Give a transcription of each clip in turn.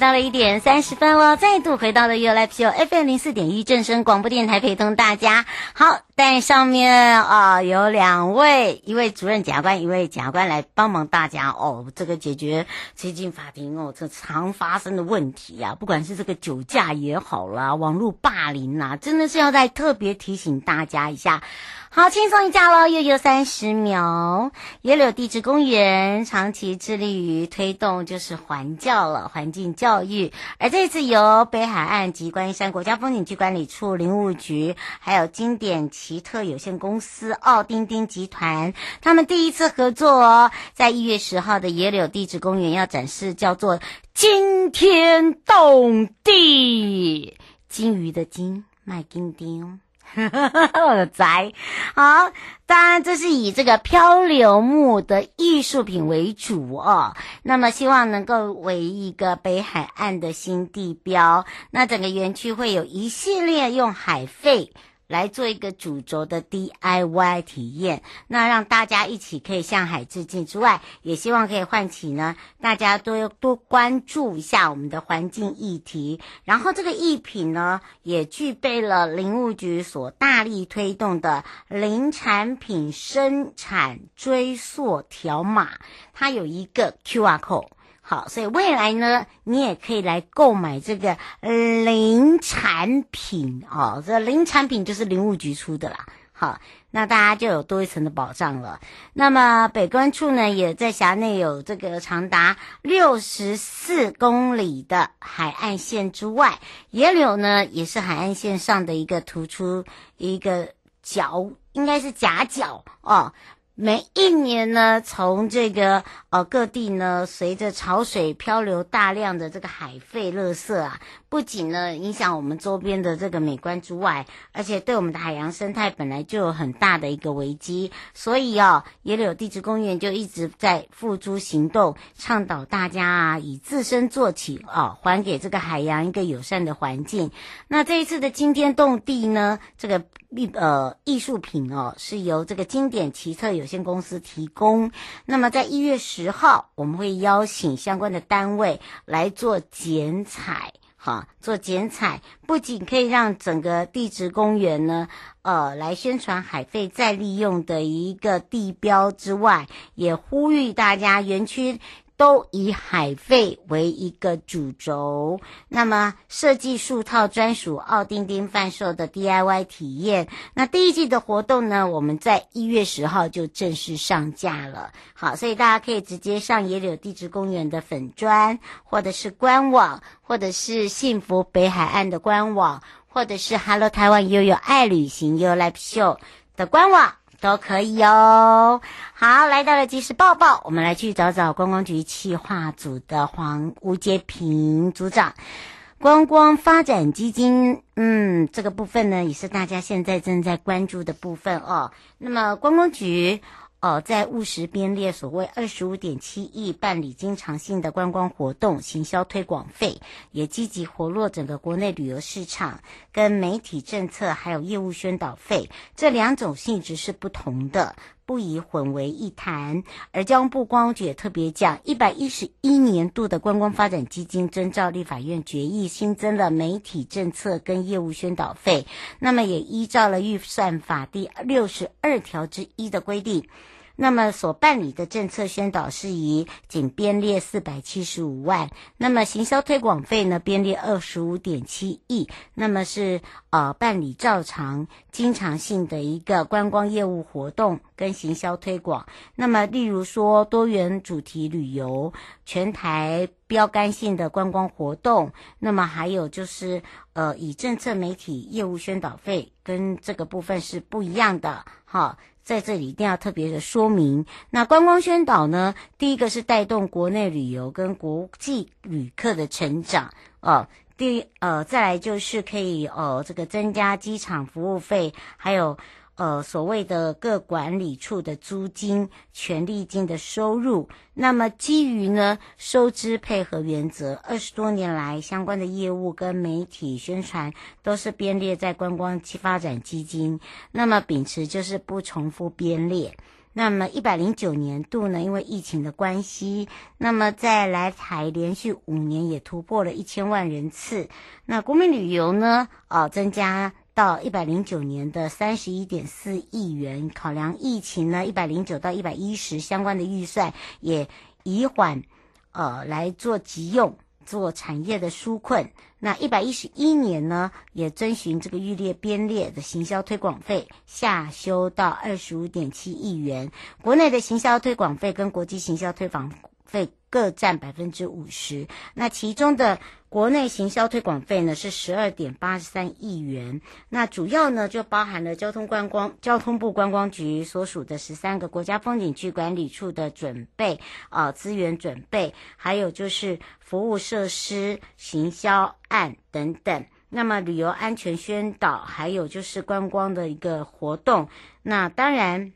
到了一點三十分哦，再度回到了 U L P O F M 零四點一正聲廣播電台，陪同大家。好，在上面啊、哦、有兩位，一位主任檢察官，一位檢察官來幫忙大家哦。這個解決最近法庭哦這常發生的問題呀、啊，不管是這個酒駕也好啦，網絡霸凌吶、啊，真的是要再特別提醒大家一下。好，輕鬆一下嘍，又有三十秒。野柳地質公園長期致力於推動就是環教了，環境教育。而這次由北海岸及觀音山國家風景區管理處林務局，還有經典奇特有限公司、奧丁丁集團，他們第一次合作，哦，在一月十號的野柳地質公園要展示叫做“鯨天動地”，鯨魚的鯨，賣丁丁。我 的宅，好，當然這是以這個漂流木的藝術品為主哦。那麼希望能夠為一個北海岸的新地標，那整個園區會有一系列用海廢。來做一個主軸的 DIY 體驗，那讓大家一起可以向海致敬之外，也希望可以喚起呢，大家多多關注一下我們的環境議題。然後這個藝品呢，也具備了林務局所大力推動的林產品生產追溯條碼，它有一個 QR code。好，所以未來呢，你也可以來購買這個林產品哦。這林產品就是林務局出的啦。好，那大家就有多一層的保障了。那麼北關處呢，也在轄內有這個長達六十四公里的海岸線之外，野柳呢也是海岸線上的一個突出一個角，應該是岬角哦。每一年呢，從這個呃、哦、各地呢，隨着潮水漂流大量的這個海廢垃圾啊，不僅呢影響我們周邊的這個美觀之外，而且對我們的海洋生態本來就有很大的一個危機。所以哦，野柳地質公園就一直在付諸行動，倡導大家啊，以自身做起啊、哦，還給這個海洋一個友善的環境。那這一次的驚天動地呢，這個。藝呃藝術品哦，是由這個經典奇特有限公司提供。那麼在一月十號，我們會邀請相關的單位來做剪彩，哈，做剪彩，不僅可以讓整個地質公園呢，呃，來宣傳海廢再利用的一個地標之外，也呼籲大家園區。都以海費為一個主軸，那麼設計數套專屬奧丁丁販售的 DIY 體驗。那第一季的活動呢，我們在一月十號就正式上架了。好，所以大家可以直接上野柳地質公園的粉磚，或者是官網，或者是幸福北海岸的官網，或者是 Hello 台灣悠悠愛旅行 Your Life Show 的官網。都可以哦。好，來到了即時報報，我們來去找找觀光局企劃組的黃吳杰平組長。觀光發展基金，嗯，這個部分呢也是大家現在正在關注的部分哦。那麼，觀光局。哦，在務實編列所謂二十五點七億辦理經常性的觀光活動行銷推廣費，也積極活絡整個國內旅遊市場，跟媒體政策還有業務宣導費這兩種性質是不同的，不宜混為一談。而交通部觀光局特別講，一百一十一年度的觀光發展基金遵照立法院決議新增了媒體政策跟業務宣導費，那麼也依照了預算法第六十二條之一的規定。那麼所辦理的政策宣導事宜僅編列四百七十五萬，那麼行銷推廣費呢編列二十五點七億，那麼是呃辦理照常經常性的一個觀光業務活動跟行銷推廣，那麼例如說多元主題旅遊、全台標杆性的觀光活動，那麼還有就是呃以政策媒體業務宣導費跟這個部分是不一樣的，哈。在這裡一定要特別的說明，那觀光宣導呢，第一個是帶動國內旅遊跟國際旅客的成長哦，第一呃再來就是可以呃、哦，這個增加機場服務費，還有。呃，所謂的各管理處的租金、權利金的收入，那麼基於呢，收支配合原則，二十多年來相關的業務跟媒體宣傳都是編列在觀光發展基金，那麼秉持就是不重複編列。那麼一百零九年度呢，因為疫情的關係，那麼在來台連續五年也突破了一千萬人次。那國民旅遊呢，啊、呃、增加。到一百零九年的三十一點四億元，考量疫情呢，一百零九到一百一十相關的預算也移緩，呃、來做急用，做產業的紓困。那一百一十一年呢，也遵循這個預列編列的行銷推廣費下修到二十五點七億元，國內的行銷推廣費跟國際行銷推廣費。各占百分之五十。那其中的國內行銷推廣費呢，是十二點八三億元。那主要呢就包含了交通觀光，交通部觀光局所屬的十三個國家風景區管理處的準備啊、呃、資源準備，還有就是服務設施行銷案等等。那麼旅遊安全宣導，還有就是觀光的一個活動。那當然。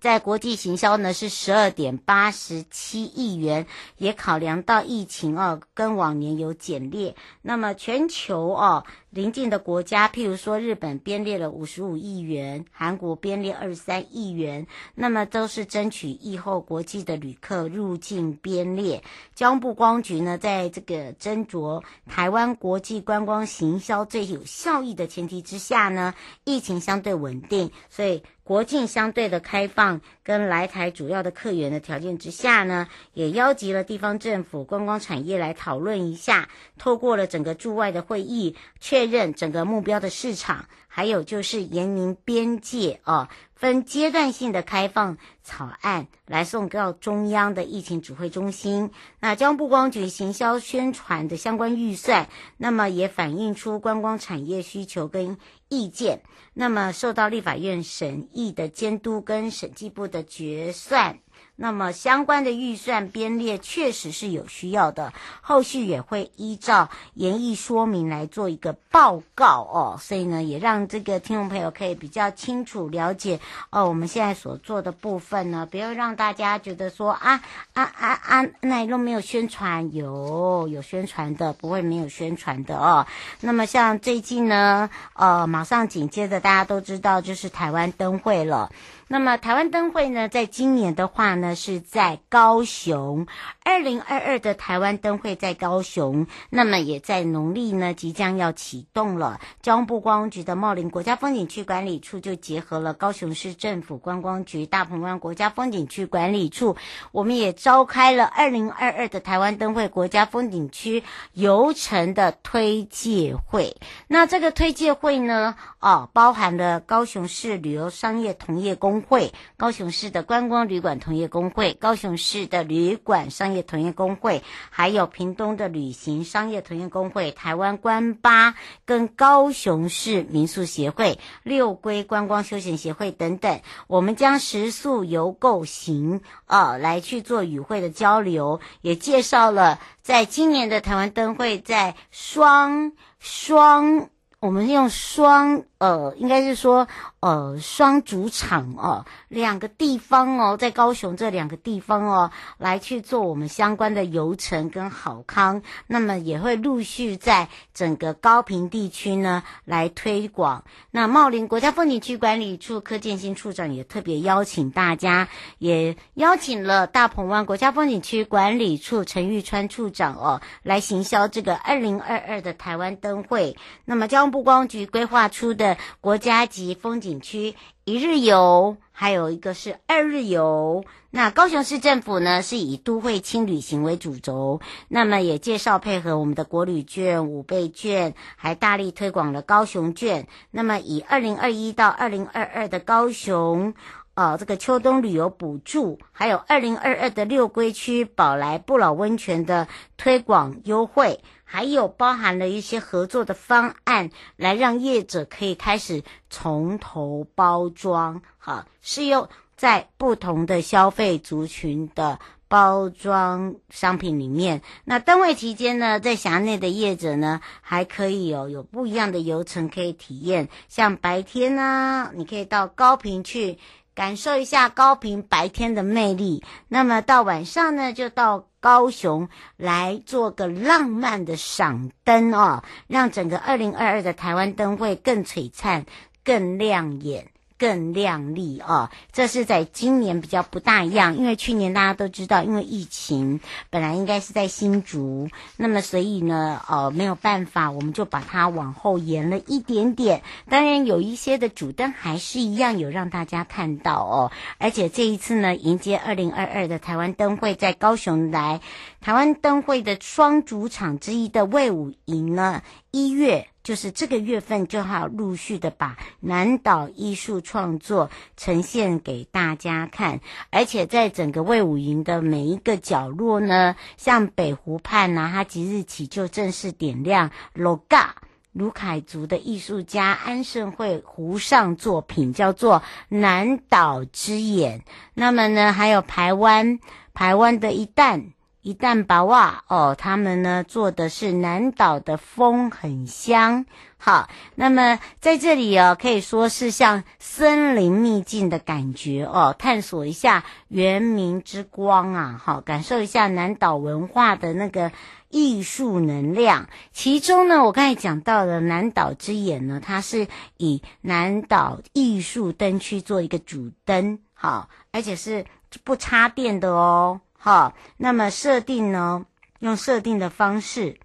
在國際行銷呢，是十二點八十七億元，也考量到疫情哦、啊，跟往年有減列。那麼全球哦、啊。鄰近的國家，譬如說日本編列了五十五億元，韓國編列二十三億元，那麼都是爭取疫後國際的旅客入境編列。交通部觀光局呢，在這個斟酌台灣國際觀光行銷最有效益的前提之下呢，疫情相對穩定，所以國境相對的開放跟來台主要的客源的條件之下呢，也邀集了地方政府觀光產業來討論一下，透過了整個駐外的會議確認整個目標的市場，還有就是嚴明邊界哦，分階段性的開放草案來送到中央的疫情指揮中心。那將觀光局行銷宣傳的相關預算，那麼也反映出觀光產業需求跟意見。那麼受到立法院審議的監督，跟審計部的決算。那麼相關的預算編列確實是有需要的，後續也會依照研議說明來做一個報告哦，所以呢，也讓這個聽眾朋友可以比較清楚了解哦，我們現在所做的部分呢，不要讓大家覺得說啊啊啊啊那一路沒有宣傳，有，有宣傳的，不會沒有宣傳的哦。那麼像最近呢，呃，馬上緊接着大家都知道就是台灣燈會了。那麼台灣燈會呢，在今年的話呢，是在高雄。二零二二的台灣燈會在高雄，那麼也在農曆呢，即將要啟動了。交通部觀光局的茂林國家風景區管理處就結合了高雄市政府觀光局、大鵬灣國家風景區管理處，我們也召開了二零二二的台灣燈會國家風景區遊程的推介會。那這個推介會呢，哦，包含了高雄市旅遊商業同業公司。會、高雄市的觀光旅館同業工會、高雄市的旅館商業同業工會，還有屏東的旅行商業同業工會、台灣觀巴跟高雄市民宿協會、六龜觀光休閒協會等等，我們將食宿遊購行啊來去做與會的交流，也介紹了在今年的台灣燈會在雙雙，我們用雙。呃，應該是說，呃，雙主場哦，兩個地方哦，在高雄這兩個地方哦，來去做我們相關的遊程跟好康，那麼也會陸續在整個高屏地區呢來推廣。那茂林國家風景區管理處柯建新處長也特別邀請大家，也邀請了大鵬灣國家風景區管理處陳玉川處長哦，來行銷這個二零二二的台灣燈會。那麼交通部觀光局規劃出的。國家級風景區一日遊，還有一個是二日遊。那高雄市政府呢，是以都會輕旅行為主軸，那麼也介紹配合我們的國旅券五倍券，還大力推廣了高雄券。那麼以二零二一到二零二二的高雄，哦、呃，這個秋冬旅遊補助，還有二零二二的六龜區寶來不老溫泉的推廣優惠。還有包含了一些合作的方案，來讓業者可以開始從頭包裝好，哈，適用在不同的消費族群的包裝商品裡面。那燈會期間呢，在轄內的業者呢，還可以有有不一樣的遊程可以體驗，像白天呢、啊，你可以到高屏去。感受一下高屏白天的魅力，那麼到晚上呢，就到高雄來做個浪漫的賞燈哦，讓整個二零二二的台灣燈會更璀璨，更亮眼。更亮麗哦，這是在今年比較不大一樣，因為去年大家都知道，因為疫情本來應該是在新竹，那麼所以呢，呃，沒有辦法，我們就把它往後延了一點點。當然，有一些的主燈還是一樣有讓大家看到哦，而且這一次呢，迎接二零二二的台灣燈會在高雄來，台灣燈會的雙主場之一的衛武營呢，一月。就是這個月份，就要陸續的把南島藝術創作呈現給大家看。而且，在整個衛武營的每一個角落呢，像北湖畔啊，它即日起就正式點亮 LOGA 魯凱族的藝術家安聖惠湖上作品，叫做《南島之眼》。那麼呢，還有排灣排灣的一旦。一旦拔哇哦，他們呢做的是南島的風很香，好，那麼在這裡哦，可以說是像森林祕境的感覺哦，探索一下原民之光啊，好，感受一下南島文化的那個藝術能量。其中呢，我剛才講到了南島之眼呢，它是以南島藝術燈去做一個主燈，好，而且是不插電的哦。好，那麼設定呢，用設定的方式，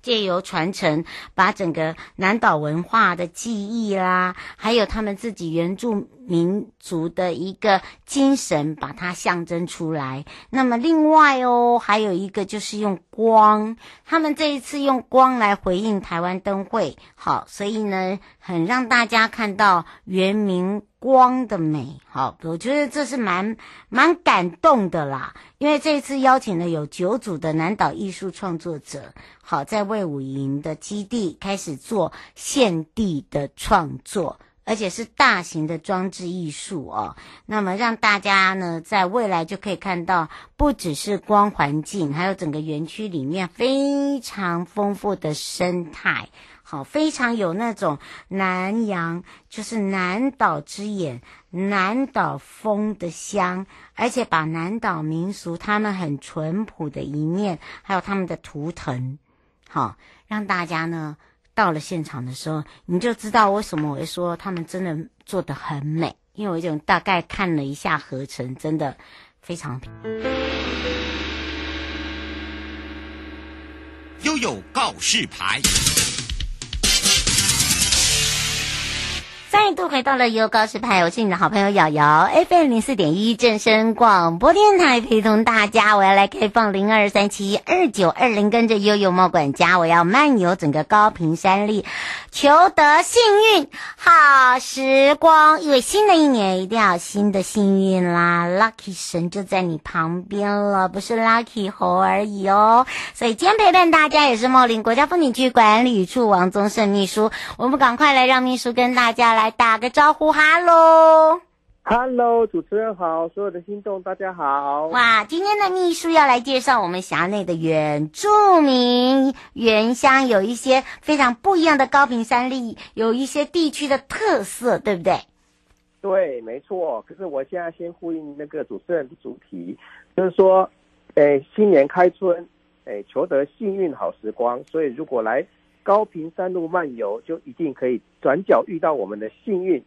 借由傳承，把整個南島文化的記憶啦、啊，還有他們自己原住。民族的一個精神，把它象徵出來。那麼，另外哦，還有一個就是用光。他們這一次用光來回應台灣燈會，好，所以呢，很讓大家看到原民光的美，好，我覺得這是蠻蠻感動的啦。因為這一次邀請了有九組的南島藝術創作者，好，在衛武營的基地開始做現地的創作。而且是大型的裝置藝術哦，那麼讓大家呢，在未來就可以看到，不只是光環境，還有整個園區裡面非常豐富的生態，好，非常有那種南洋，就是南島之眼、南島風的香，而且把南島民俗他們很淳樸的一面，還有他們的圖騰，好，讓大家呢。到了現場的時候，你就知道為什麼我會說他們真的做得很美，因為我已經大概看了一下合成，真的非常。YOYO 告示牌。 又回到了 YOYO 告示牌，我是你的好朋友 YOYO FM 零四點一正聲廣播電台，陪同大家，我要來開放零二三七二九二零，跟着 YOYO 茂管家，我要漫遊整個高屏山裡，求得幸運好時光，因為新的一年一定要新的幸運啦，lucky 神就在你旁邊了，不是 lucky 猴而已哦，所以今天陪伴大家也是茂林國家風景區管理處王宗聖秘書，我們趕快來讓秘書跟大家來。打個招呼，Hello，Hello，主持人好，所有的聽眾大家好。哇，今天的祕書要來介紹我們轄內的原住民，原鄉有一些非常不一樣的高屏山裡有一些地區的特色，對不對？對，沒錯。可是我現在先呼應那個主持人的主題，就是說，誒，新年開春，誒，求得幸運好時光，所以如果來。高屏山路漫遊就一定可以轉角遇到我們的幸運，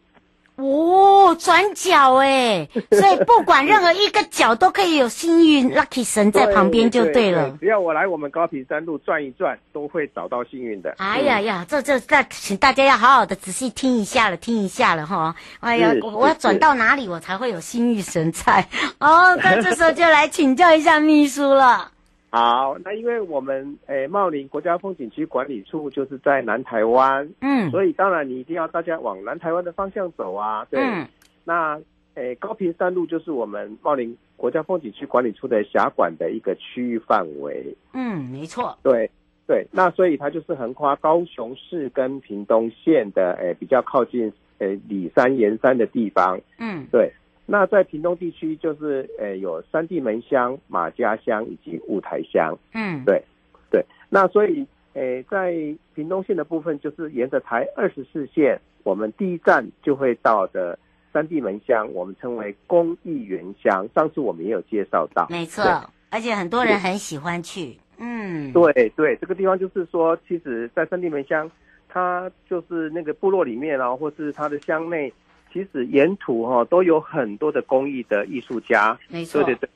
哦，轉角哎、欸， 所以不管任何一個角都可以有幸運 lucky 神在旁邊就對了對對對。只要我來我們高屏山路轉一轉，都會找到幸運的。哎呀呀，嗯、這這那，請大家要好好的仔細聽一下了，聽一下了哈。哎呀，我，我要轉到哪裡我才會有幸運神在？哦，那這時候就來請教一下秘書了。 好，那因為我們誒、欸，茂林國家風景區管理處就是在南台灣，嗯，所以當然你一定要大家往南台灣的方向走啊，對。嗯、那誒、欸，高屏山路就是我們茂林國家風景區管理處的轄管的一個區域範圍，嗯，沒錯，對，對，那所以它就是橫跨高雄市跟屏東縣的誒、欸，比較靠近誒、欸、裡山、岩山的地方，嗯，對。那在屏東地區就是，誒、呃，有三地門鄉、馬家鄉以及霧台鄉。嗯，對，對。那所以，誒、呃，在屏東縣的部分，就是沿着台二十四線，我們第一站就會到的三地門鄉，我們稱為公益園鄉。上次我們也有介紹到，沒錯，而且很多人很喜歡去。嗯，對對，這個地方就是說，其實，在三地門鄉，它就是那個部落裡面啊、哦，或是它的鄉內。其實沿途哈都有很多的工藝的藝術家，沒錯，對對對，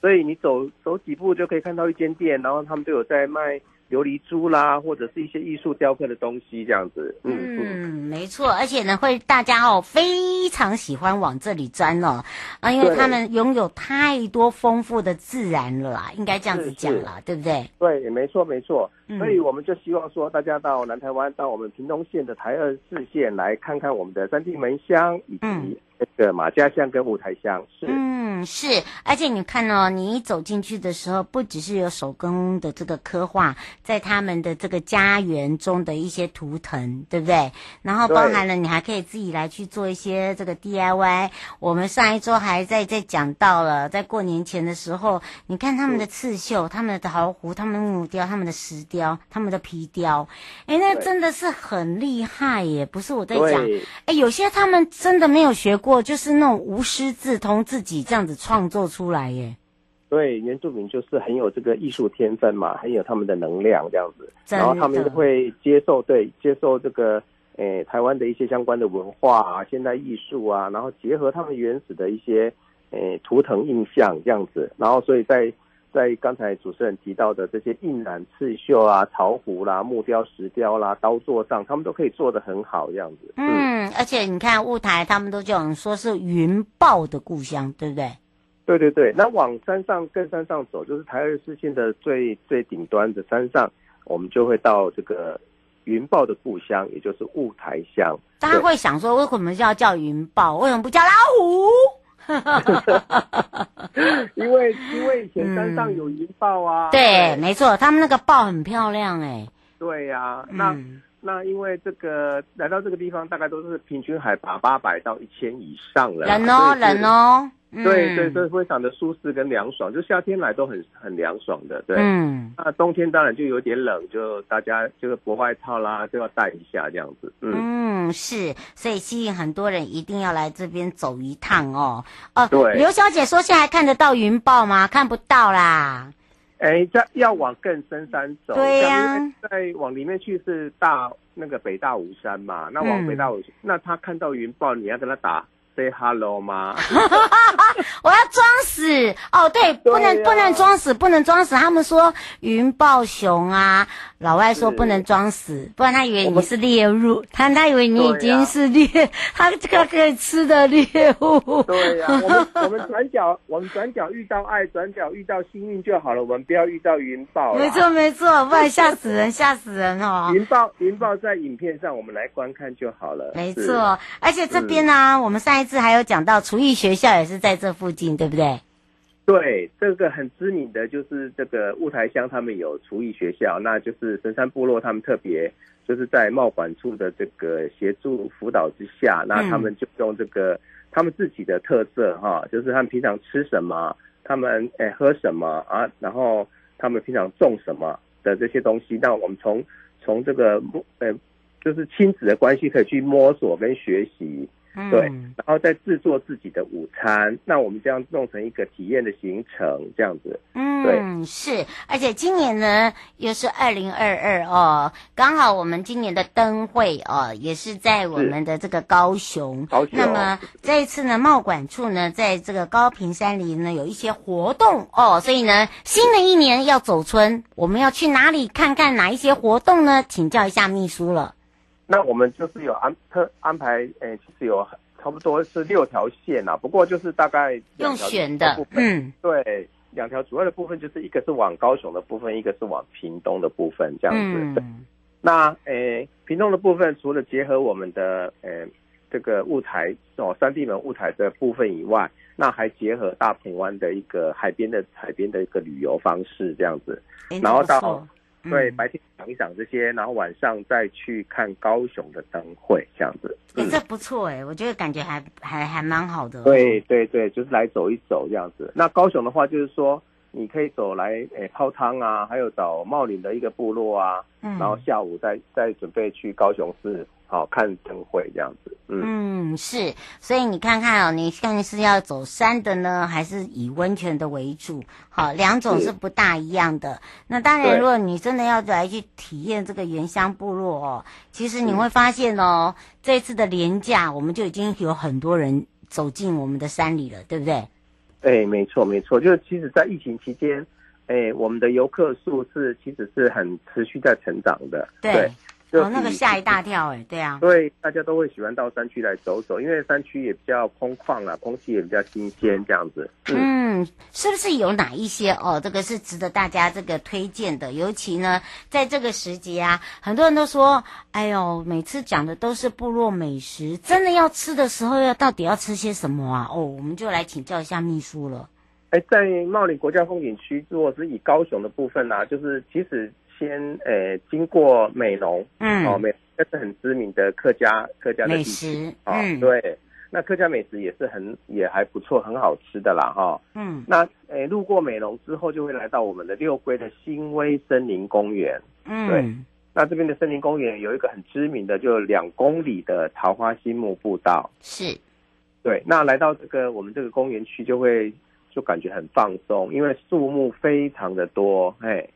所以你走走幾步就可以看到一間店，然後他們都有在賣琉璃珠啦，或者是一些藝術雕刻的東西這樣子。嗯嗯，沒錯，而且呢會大家哦非常喜歡往這裡鑽哦，啊，因為他們擁有太多豐富的自然了，應該這樣子講了，對不對？對，也沒錯，沒錯。所以我們就希望說，大家到南台灣、嗯，到我們屏東縣的台24線，來看看我們的三地門鄉，以及這個瑪家鄉跟霧台鄉、嗯。是，嗯是。而且你看哦，你一走進去的時候，不只是有手工的這個刻畫，在他們的這個家園中的一些圖騰，對不對？然後包含了你還可以自己來去做一些這個 DIY。我們上一周還在在講到了，在過年前的時候，你看他們的刺繡、他們的陶壺、他們木雕、他們的石雕。雕，他們的皮雕，哎、欸，那真的是很厲害耶！不是我在講，哎、欸，有些他們真的沒有學過，就是那種無師自通，自己這樣子創作出來耶。對，原住民就是很有這個藝術天分嘛，很有他們的能量這樣子，然後他們就會接受，對，接受這個，誒、欸，台灣的一些相關的文化啊，現代藝術啊，然後結合他們原始的一些，誒、欸，圖騰印象這樣子，然後所以在。在剛才主持人提到的這些印染、刺繡啊、陶壺啦、啊、木雕、石雕啦、啊、刀座上，他們都可以做得很好，這樣子嗯。嗯，而且你看霧台，他們都叫我們說是雲豹的故鄉，對不對？對對對，那往山上、跟山上走，就是台24線的最最頂端的山上，我們就會到這個雲豹的故鄉，也就是霧台鄉。大家會想說，為什麼要叫叫雲豹？為什麼不叫老虎？ 因為因為以前山上有雲豹啊、嗯對，對，沒錯，他們那個豹很漂亮哎、欸。對呀、啊嗯，那那因為這個來到這個地方，大概都是平均海拔八百到一千以上了、啊，人哦，就是、人哦。對、嗯、對對，對，對，非常的舒適跟涼爽，就夏天來都很很涼爽的。對，嗯。那冬天當然就有點冷，就大家就是薄外套啦，就要帶一下這樣子嗯。嗯，是，所以吸引很多人一定要來這邊走一趟哦。哦、呃，對，劉小姐說現在還看得到雲豹嗎？看不到啦。哎，這要往更深山走。對呀、啊，再往裡面去是大那個北大武山嘛。那往北大武山、嗯，那他看到雲豹，你要跟他打？Say hello 嗎？ 我要裝死哦，對，對啊，不能不能裝死，不能裝死。他們說雲豹熊啊，老外說不能裝死，不然他以為你是獵物，他他以為你已經是獵，啊，他這個可以吃的獵物。對呀，啊，我們我們轉角， 我們轉角遇到愛，轉角遇到幸運就好了。我們不要遇到雲豹。沒錯沒錯，不然嚇死人， 嚇死人，嚇死人哦。雲豹雲豹在影片上，我們來觀看就好了。沒錯，而且這邊呢，啊，我們上一。還，還有講到廚藝學校也是在這附近，對不對？對，這個很知名的就是這個霧台鄉，他們有廚藝學校。那就是神山部落，他們特別就是在茂管處的這個協助輔導之下，嗯、那他們就用這個他們自己的特色哈，就是他們平常吃什麼，他們哎喝什麼啊，然後他們平常種什麼的這些東西，那我們從從這個、哎、就是親子的關係可以去摸索跟學習。對、嗯，然後再制作自己的午餐，那我們這樣弄成一個體驗的行程這樣子。嗯，對，是，而且今年呢，又是二零二二哦，剛好我們今年的燈會哦，也是在我們的這個高雄。高雄。那麼這一次呢，茂管處呢，在這個高屏山林呢，有一些活動哦，所以呢，新的一年要走春，我們要去哪裡看看哪一些活動呢？請教一下秘書了。那我們就是有安特安排，誒、呃，其、就、實、是、有差不多是六條線啊，不過就是大概兩條用選的兩條部分，嗯，對，兩條主要的部分就是一個是往高雄的部分，一個是往屏東的部分，這樣子。嗯、那誒，屏東的部分除了結合我們的，嗯，這個霧台哦，三地門霧台的部分以外，那還結合大鵬灣的一個海邊的海邊的一個旅遊方式這樣子，然後到。對，白天想一想這些，然後晚上再去看高雄的燈會，這樣子。嗯。哎，這不錯哎，我覺得感覺還還還蠻好的。對對對，就是來走一走這樣子。那高雄的話，就是說你可以走來哎，泡湯啊，還有找茂林的一個部落啊，嗯，然後下午再再準備去高雄市。好看燈會這樣子。嗯，嗯，是，所以你看看哦，你像是要走山的呢，還是以溫泉的為主？好，兩種是不大一樣的。那當然，如果你真的要來去體驗這個原鄉部落哦，其實你會發現哦，這次的連假我們就已經有很多人走進我們的山裡了，對不對？哎、欸，沒錯，沒錯，就是其實，在疫情期間，哎、欸，我們的遊客數是其實是很持續在成長的，對。對哦，那個嚇一大跳哎、欸，對啊，對，大家都會喜歡到山區來走走，因為山區也比較空曠啊，空氣也比較新鮮，這樣子嗯。嗯，是不是有哪一些哦？這個是值得大家這個推薦的，尤其呢，在這個時節啊，很多人都說，哎呦，每次講的都是部落美食，真的要吃的時候要到底要吃些什麼啊？哦，我們就來請教一下祕書了。哎、欸，在茂林國家風景區，如果是以高雄的部分呢、啊，就是其實。先誒，經過美濃嗯，哦，美這、就是很知名的客家客家的地美食啊、哦嗯，對。那客家美食也是很也還不錯，很好吃的啦，哈、哦，嗯。那哎路過美濃之後，就會來到我們的六龜的新威森林公園，嗯，對。那這邊的森林公園有一個很知名的，就兩公里的桃花心木步道，是。對，那來到這個我們這個公園區，就會就感覺很放鬆，因為樹木非常的多，嘿。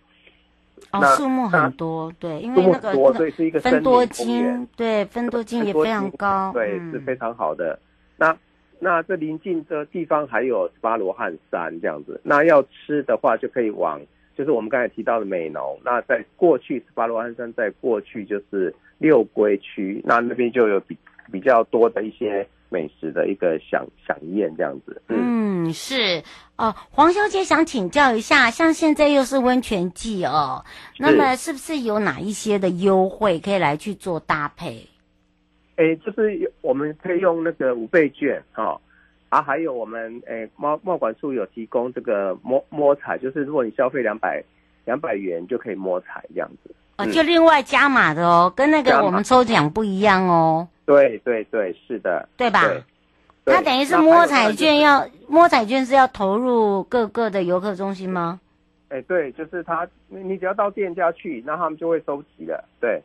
哦，樹木很、很多，對，因為那個、那個、芬多精，所以是一個森林公園，對，芬多精也非常高，對、嗯，是非常好的。那那這臨近的地方還有十八羅漢山這樣子，那要吃的話就可以往，就是我們剛才提到的美濃。那在過去十八羅漢山在過去就是六龜區，那那邊就有比比較多的一些。美食的一個饗饗宴這樣子，嗯，嗯是哦、呃。黃小姐想請教一下，像現在又是溫泉季哦，那麼是不是有哪一些的優惠可以來去做搭配？哎、欸，就是我們可以用那個五倍券哈、哦，啊，還有我們哎，茂、欸、茂管處有提供這個摸摸彩，就是如果你消費兩百兩百元就可以摸彩這樣子。哦、嗯啊，就另外加碼的哦，跟那個我們抽獎不一樣哦。對對對，是的，對吧？對對他等於是摸彩券要，要摸彩券是要投入各個的遊客中心嗎？哎、嗯欸，對，就是他，你只要到店家去，那他們就會收集了，對，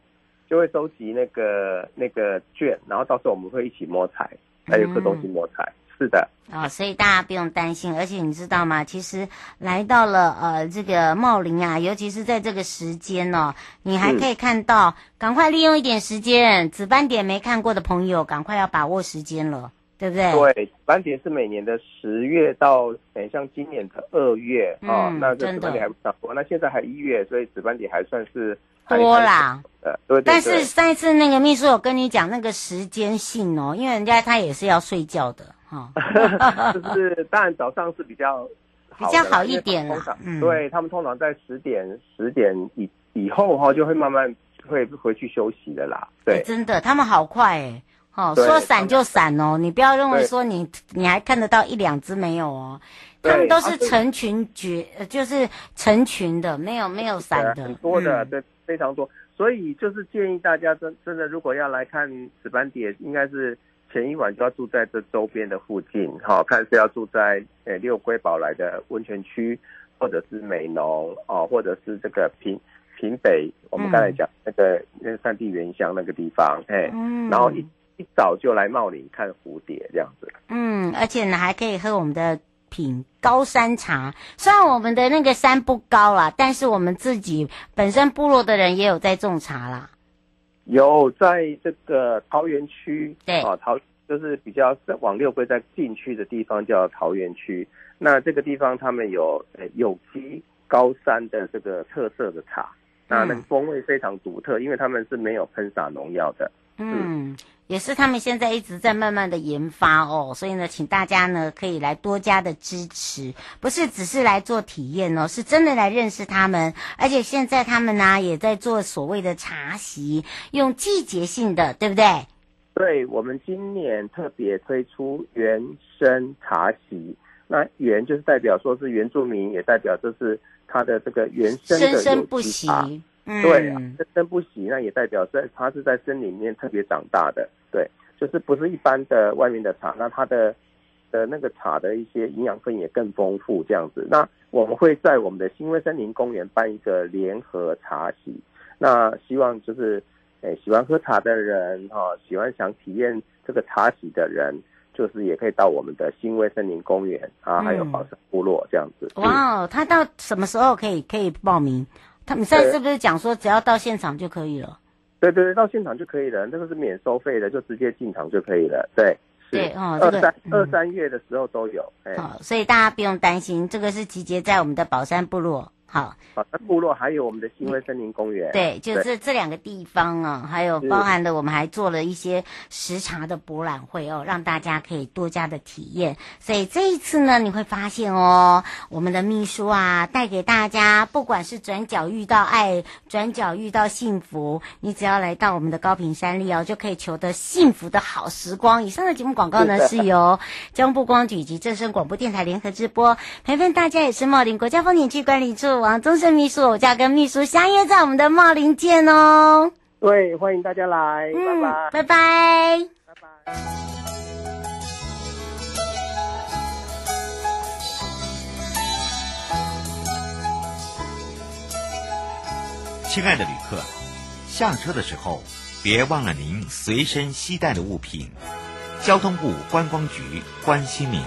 就會收集那個那個券，然後到時候我們會一起摸彩，在遊客中心摸彩。嗯是的，啊、哦，所以大家不用擔心，而且你知道嗎？其實來到了呃這個茂林啊，尤其是在這個時間哦，你還可以看到，嗯、趕快利用一點時間，紫斑蝶沒看過的朋友，趕快要把握時間了，對不對？對，斑蝶是每年的十月到，等像今年的二月啊、哦嗯，那這個、紫斑蝶還不少，那現在還一月，所以紫斑蝶還算是多啦。呃、啊對對對對，但是上一次那個秘書有跟你講那個時間性哦，因為人家他也是要睡覺的。 就是，當然早上是比較比較好一點了，嗯。對他們通常在十點、十點以以後哈，就會慢慢會回去休息的啦。對，欸、真的，他們好快哎，欸喔！說散就散哦，喔。你不要認為說你你還看得到一兩隻沒有哦，喔，他們都是成群絕、啊，就是成群的，沒有沒有散的。很多的，嗯，對，非常多。所以就是建議大家真的真的，如果要來看紫斑蝶，應該是。前一晚就要住在這周邊的附近，哈、哦，看是要住在誒、欸、六龜寶來的溫泉區，或者是美濃哦，或者是這個平平北，嗯、我們剛才講那個那個三地原鄉那個地方，哎、欸嗯，然後一一早就來茂林看蝴蝶這樣子。嗯，而且呢還可以喝我們的品高山茶，雖然我們的那個山不高啦，但是我們自己本身部落的人也有在種茶啦。有，在這個桃園區，對啊，桃就是比較在往六龜在進去的地方叫桃園區。那這個地方他們有、欸、有機高山的這個特色的茶、嗯，那，那個風味非常獨特，因為他們是沒有噴灑農藥的。嗯，也是他們現在一直在慢慢的研發哦，所以呢，請大家呢可以來多加的支持，不是只是來做體驗哦，是真的來認識他們。而且現在他們呢也在做所謂的茶席，用季節性的，對不對？對，我們今年特別推出原生茶席，那原就是代表說是原住民，也代表就是它的這個原生，生生不息。嗯、對啊，生生不息，那也代表在它是在森林裡面特別長大的，對，就是不是一般的外面的茶，那它的，的那個茶的一些營養分也更豐富這樣子。那我們會在我們的新威森林公園辦一個聯合茶席，那希望就是，哎，喜歡喝茶的人哈、哦，喜歡想體驗這個茶席的人，就是也可以到我們的新威森林公園啊，還有寶山部落這樣子。哇、嗯，嗯、wow, 他到什麼時候可以可以報名？他們上次是不是講說只要到現場就可以了？對對對，到現場就可以了，那個是免收費的，就直接進場就可以了。對，是對哦，這個二三、嗯、二三月的時候都有，嗯、哎，好、哦，所以大家不用擔心，這個是集結在我們的寶山部落。好，那、嗯、部落還有我們的新威森林公園，對，就是這兩個地方啊，還有包含的，我們還做了一些時茶的博覽會哦，讓大家可以多加的體驗。所以這一次呢，你會發現哦，我們的秘書啊，帶給大家，不管是轉角遇到愛，轉角遇到幸福，你只要來到我們的高屏山麓哦，就可以求得幸福的好時光。以上的節目廣告呢是，是由交通部觀光局以及正聲廣播電台聯合直播。陪伴大家也是茂林國家風景區管理處。王宗聖秘書，我就要跟秘書相約在我們的茂林見哦。對，歡迎大家來，拜、嗯、拜，拜拜，拜拜。親愛的旅客，下車的時候別忘了您隨身攜帶的物品。交通部觀光局關心您。